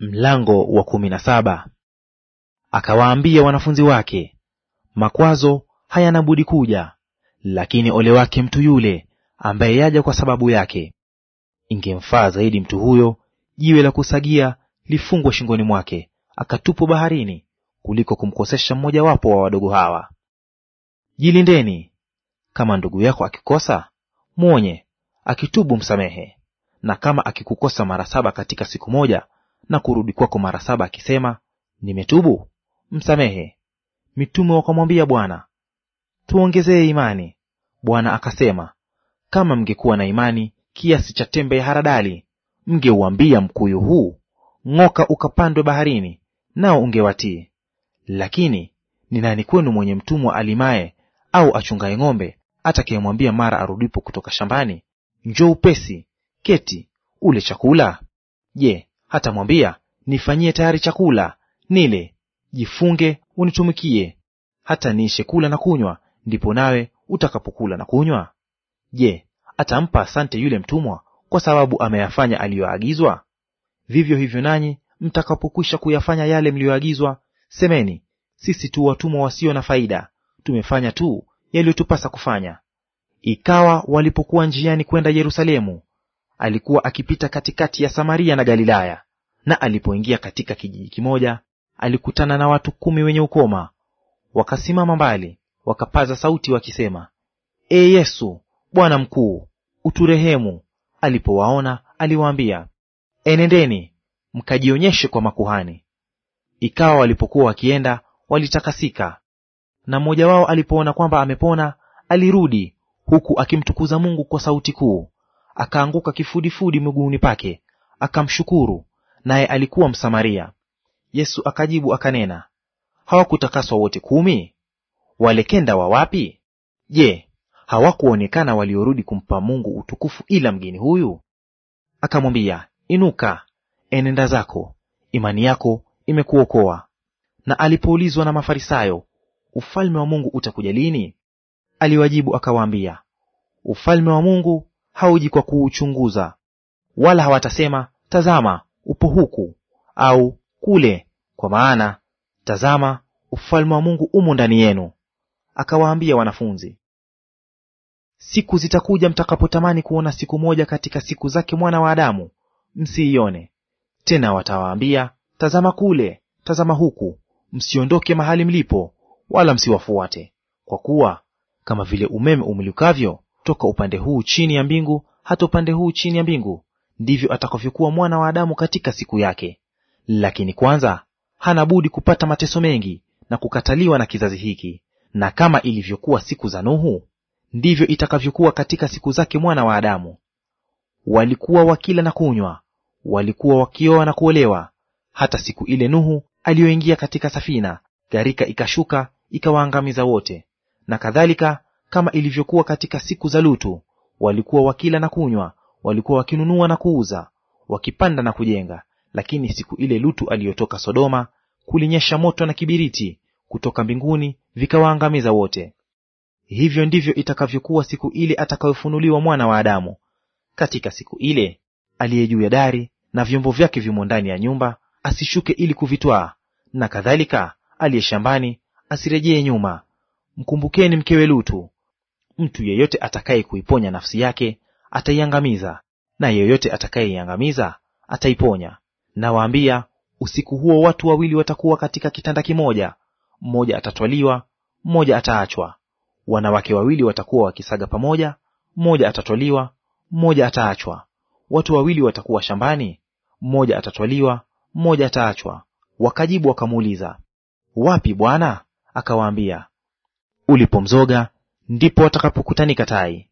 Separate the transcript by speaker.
Speaker 1: Mlango wa kumi na saba. Akawaambia wanafunzi wake, makwazo hayana budi kuja, lakini ole wake mtu yule ambaye yaja kwa sababu yake. Ingemfaa zaidi mtu huyo jiwe la kusagia lifungwe shingoni mwake, akatupwa baharini, kuliko kumkosesha mmojawapo wa wadogo hawa. Jilindeni. Kama ndugu yako akikosa, mwonye; akitubu msamehe. Na kama akikukosa mara saba katika siku moja na kurudi kwako mara saba akisema, nimetubu, msamehe. Mitume wakamwambia Bwana, tuongezee imani. Bwana akasema, kama mngekuwa na imani kiasi cha tembe ya haradali, mngeuambia mkuyu huu, ng'oka ukapandwe baharini, nao ungewatii. Lakini ni nani kwenu mwenye mtumwa alimaye au achungaye ng'ombe, atakayemwambia mara arudipo kutoka shambani, njoo upesi, keti ule chakula? Je, Hatamwambia, nifanyie tayari chakula nile, jifunge unitumikie, hata niishe kula na kunywa, ndipo nawe utakapokula na kunywa? Je, atampa asante yule mtumwa kwa sababu ameyafanya aliyoagizwa? Vivyo hivyo nanyi mtakapokwisha kuyafanya yale mliyoagizwa, semeni, sisi tu watumwa wasio na faida, tumefanya tu yaliyotupasa kufanya. Ikawa walipokuwa njiani kwenda Yerusalemu, alikuwa akipita katikati ya Samaria na Galilaya. Na alipoingia katika kijiji kimoja, alikutana na watu kumi wenye ukoma. Wakasimama mbali, wakapaza sauti wakisema, E Yesu, Bwana mkuu, uturehemu. Alipowaona aliwaambia, enendeni mkajionyeshe kwa makuhani. Ikawa walipokuwa wakienda, walitakasika. Na mmoja wao alipoona kwamba amepona, alirudi huku akimtukuza Mungu kwa sauti kuu akaanguka kifudifudi miguuni pake, akamshukuru, naye alikuwa Msamaria. Yesu akajibu akanena, hawakutakaswa wote kumi? Wale kenda wa wapi? Je, hawakuonekana waliorudi kumpa Mungu utukufu ila mgeni huyu? Akamwambia, inuka, enenda zako, imani yako imekuokoa. Na alipoulizwa na Mafarisayo, ufalme wa Mungu utakuja lini? Aliwajibu akawaambia, ufalme wa Mungu hauji kwa kuuchunguza, wala hawatasema tazama, upo huku au kule, kwa maana tazama, ufalme wa Mungu umo ndani yenu. Akawaambia wanafunzi, siku zitakuja mtakapotamani kuona siku moja katika siku zake mwana wa Adamu, msiione tena. Watawaambia, tazama kule, tazama huku, msiondoke mahali mlipo, wala msiwafuate. Kwa kuwa kama vile umeme umlikavyo kutoka upande huu chini ya mbingu hata upande huu chini ya mbingu, ndivyo atakavyokuwa mwana wa Adamu katika siku yake. Lakini kwanza hana budi kupata mateso mengi na kukataliwa na kizazi hiki. Na kama ilivyokuwa siku za Nuhu, ndivyo itakavyokuwa katika siku zake mwana wa Adamu. Walikuwa wakila na kunywa, walikuwa wakioa na kuolewa, hata siku ile Nuhu aliyoingia katika safina, gharika ikashuka ikawaangamiza wote. Na kadhalika kama ilivyokuwa katika siku za Lutu, walikuwa wakila na kunywa, walikuwa wakinunua na kuuza, wakipanda na kujenga. Lakini siku ile Lutu aliyotoka Sodoma, kulinyesha moto na kibiriti kutoka mbinguni, vikawaangamiza wote. Hivyo ndivyo itakavyokuwa siku ile atakayofunuliwa Mwana wa Adamu. Katika siku ile aliye juu ya dari na vyombo vyake vimo ndani ya nyumba asishuke ili kuvitwaa, na kadhalika aliye shambani asirejee nyuma. Mkumbukeni mkewe Lutu, Mtu yeyote atakaye kuiponya nafsi yake ataiangamiza, na yeyote atakayeiangamiza ataiponya. Nawaambia, usiku huo watu wawili watakuwa katika kitanda kimoja, mmoja atatwaliwa, mmoja ataachwa. Wanawake wawili watakuwa wakisaga pamoja, mmoja atatwaliwa, mmoja ataachwa. Watu wawili watakuwa shambani, mmoja atatwaliwa, mmoja ataachwa. Wakajibu wakamuuliza, wapi Bwana? Akawaambia, ulipomzoga ndipo watakapokutanika tai